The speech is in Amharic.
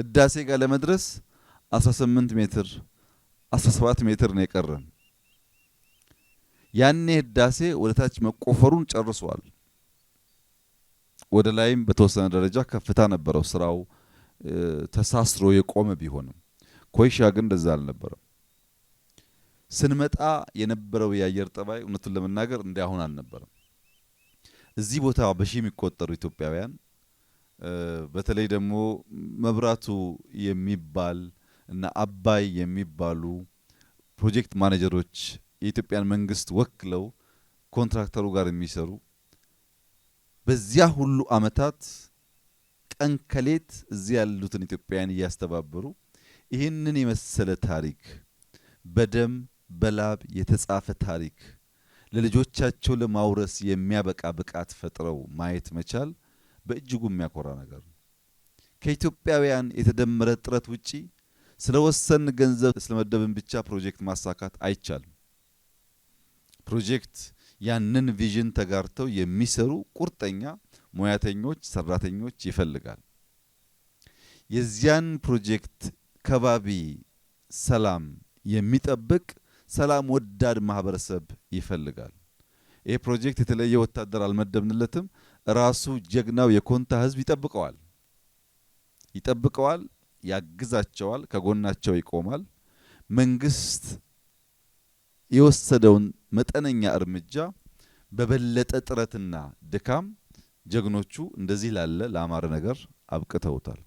ህዳሴ ጋር ለመድረስ 18 ሜትር 17 ሜትር ነው የቀረን። ያኔ ህዳሴ ወደ ታች መቆፈሩን ጨርሷል። ወደ ላይም በተወሰነ ደረጃ ከፍታ ነበረው ስራው ተሳስሮ የቆመ ቢሆንም ኮይሻ ግን እንደዛ አልነበረም። ስንመጣ የነበረው የአየር ጠባይ እውነቱን ለመናገር እንዲያሁን አልነበረም። እዚህ ቦታ በሺ የሚቆጠሩ ኢትዮጵያውያን በተለይ ደግሞ መብራቱ የሚባል እና አባይ የሚባሉ ፕሮጀክት ማኔጀሮች የኢትዮጵያን መንግስት ወክለው ኮንትራክተሩ ጋር የሚሰሩ በዚያ ሁሉ አመታት ቀን ከሌት እዚህ ያሉትን ኢትዮጵያውያን እያስተባበሩ ይህንን የመሰለ ታሪክ በደም በላብ የተጻፈ ታሪክ ለልጆቻቸው ለማውረስ የሚያበቃ ብቃት ፈጥረው ማየት መቻል በእጅጉ የሚያኮራ ነገር ነው። ከኢትዮጵያውያን የተደመረ ጥረት ውጪ ስለ ወሰን ገንዘብ ስለመደብን ብቻ ፕሮጀክት ማሳካት አይቻልም። ፕሮጀክት ያንን ቪዥን ተጋርተው የሚሰሩ ቁርጠኛ ሙያተኞች፣ ሰራተኞች ይፈልጋል። የዚያን ፕሮጀክት ከባቢ ሰላም የሚጠብቅ ሰላም ወዳድ ማህበረሰብ ይፈልጋል። ይሄ ፕሮጀክት የተለየ ወታደር አልመደብንለትም። ራሱ ጀግናው የኮንታ ህዝብ ይጠብቀዋል ይጠብቀዋል፣ ያግዛቸዋል፣ ከጎናቸው ይቆማል። መንግስት የወሰደውን መጠነኛ እርምጃ በበለጠ ጥረትና ድካም ጀግኖቹ እንደዚህ ላለ ለአማረ ነገር አብቅተውታል።